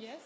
Jaz?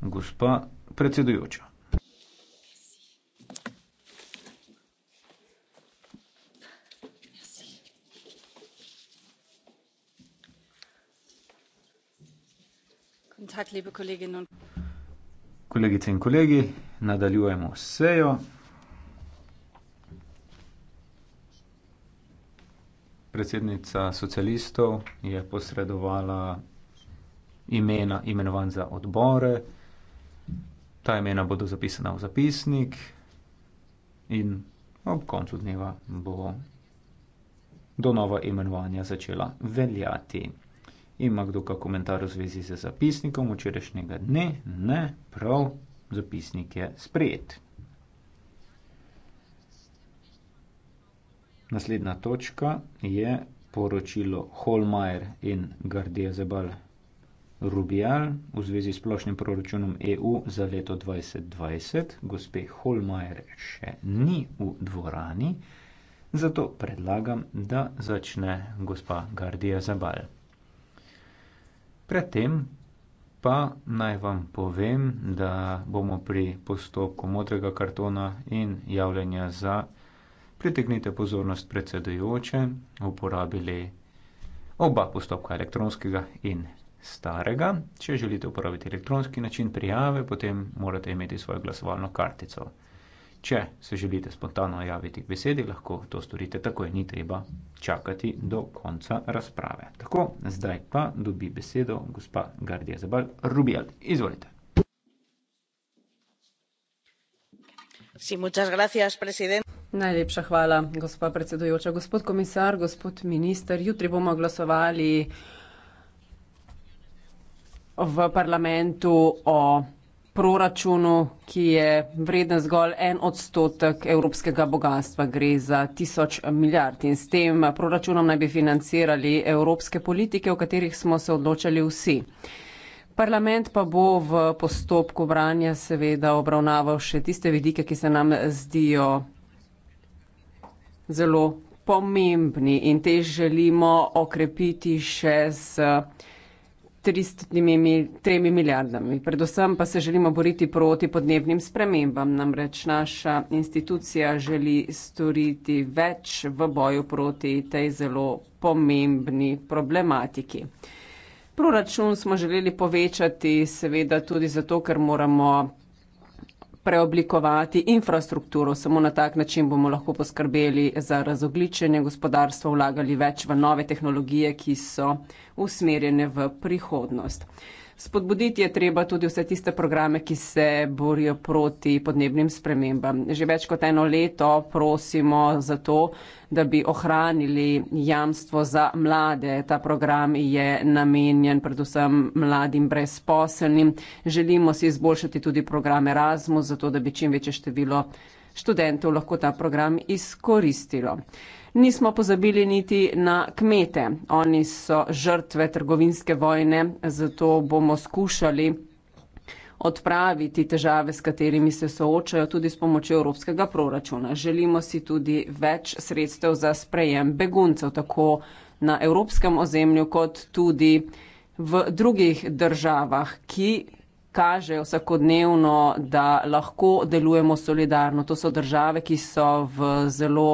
Gospa predsedujoča. Kolegice in kolegi, nadaljujemo s sejo. Predsednica socialistov je posredovala imena imenovan za odbore, ta imena bodo zapisana v zapisnik in ob koncu dneva bo do nova imenovanja začela veljati. Ima kdo kak komentar v zvezi z zapisnikom včerajšnjega dne? Ne, prav, zapisnik je sprejet. Naslednja točka je poročilo Holmajer in Gardije Zebal Rubial v zvezi s splošnim proračunom EU za leto 2020, gospe Holmajer še ni v dvorani, zato predlagam, da začne gospa Gardija Zabal. Predtem pa naj vam povem, da bomo pri postopku modrega kartona in javljanja za pritegnite pozornost predsedujoče uporabili oba postopka elektronskega in starega. Če želite uporabiti elektronski način prijave, potem morate imeti svojo glasovalno kartico. Če se želite spontano javiti k besedi, lahko to storite takoj, ni treba čakati do konca razprave. Tako, zdaj pa dobi besedo gospa Gardija Zabal Rubijal. Izvolite. Sí, gracias, Najlepša hvala, gospa predsedujoča, gospod komisar, gospod minister. Jutri bomo glasovali v parlamentu o proračunu, ki je vreden zgolj en odstotek evropskega bogatstva, gre za tisoč milijard. In s tem proračunom naj bi financirali evropske politike, o katerih smo se odločali vsi. Parlament pa bo v postopku branja seveda obravnaval še tiste vidike, ki se nam zdijo zelo pomembni in te želimo okrepiti še s tremi milijardami. Predvsem pa se želimo boriti proti podnebnim spremembam. Namreč naša institucija želi storiti več v boju proti tej zelo pomembni problematiki. Proračun smo želeli povečati, seveda tudi zato, ker moramo preoblikovati infrastrukturo. Samo na tak način bomo lahko poskrbeli za razogličenje gospodarstva, vlagali več v nove tehnologije, ki so usmerjene v prihodnost. Spodbuditi je treba tudi vse tiste programe, ki se borijo proti podnebnim spremembam. Že več kot eno leto prosimo za to, da bi ohranili jamstvo za mlade. Ta program je namenjen predvsem mladim brezposelnim. Želimo si izboljšati tudi program Erasmus, zato da bi čim večje število študentov lahko ta program izkoristilo. Nismo pozabili niti na kmete. Oni so žrtve trgovinske vojne, zato bomo skušali odpraviti težave, s katerimi se soočajo tudi s pomočjo evropskega proračuna. Želimo si tudi več sredstev za sprejem beguncev, tako na evropskem ozemlju, kot tudi v drugih državah, ki kažejo vsakodnevno, da lahko delujemo solidarno. To so države, ki so v zelo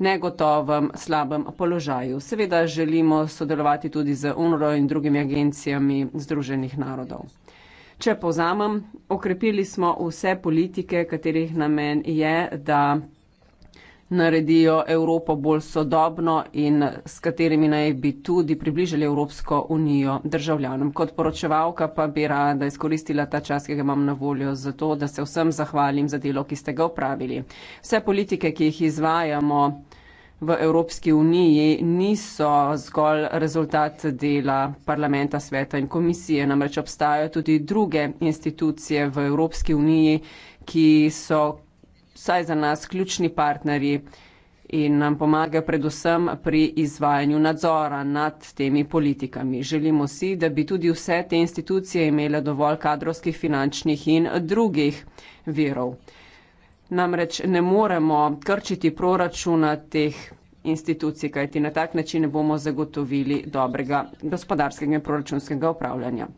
negotovem, slabem položaju. Seveda želimo sodelovati tudi z UNRO in drugimi agencijami Združenih narodov. Če povzamem, okrepili smo vse politike, katerih namen je, da naredijo Evropo bolj sodobno in s katerimi naj bi tudi približali Evropsko unijo državljanom. Kot poročevalka pa bi rada izkoristila ta čas, ki ga imam na voljo, zato da se vsem zahvalim za delo, ki ste ga upravili. Vse politike, ki jih izvajamo v Evropski uniji, niso zgolj rezultat dela parlamenta, sveta in komisije, namreč obstajajo tudi druge institucije v Evropski uniji, ki so vsaj za nas ključni partnerji in nam pomagajo predvsem pri izvajanju nadzora nad temi politikami. Želimo si, da bi tudi vse te institucije imele dovolj kadrovskih, finančnih in drugih virov. Namreč ne moremo krčiti proračuna teh institucij, kajti na tak način ne bomo zagotovili dobrega gospodarskega in proračunskega upravljanja.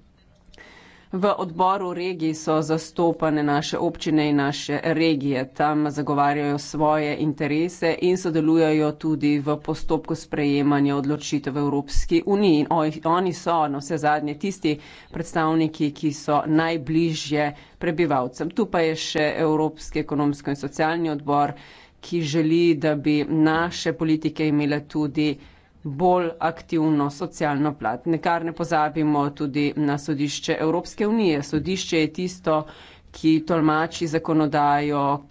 V odboru regij so zastopane naše občine in naše regije. Tam zagovarjajo svoje interese in sodelujajo tudi v postopku sprejemanja odločitev v Evropski uniji. In oni so na vse zadnje tisti predstavniki, ki so najbližje prebivalcem. Tu pa je še Evropski ekonomsko in socialni odbor, ki želi, da bi naše politike imele tudi bolj aktivno socialno plat. Nekar ne pozabimo tudi na sodišče Evropske unije. Sodišče je tisto, ki tolmači zakonodajo, ki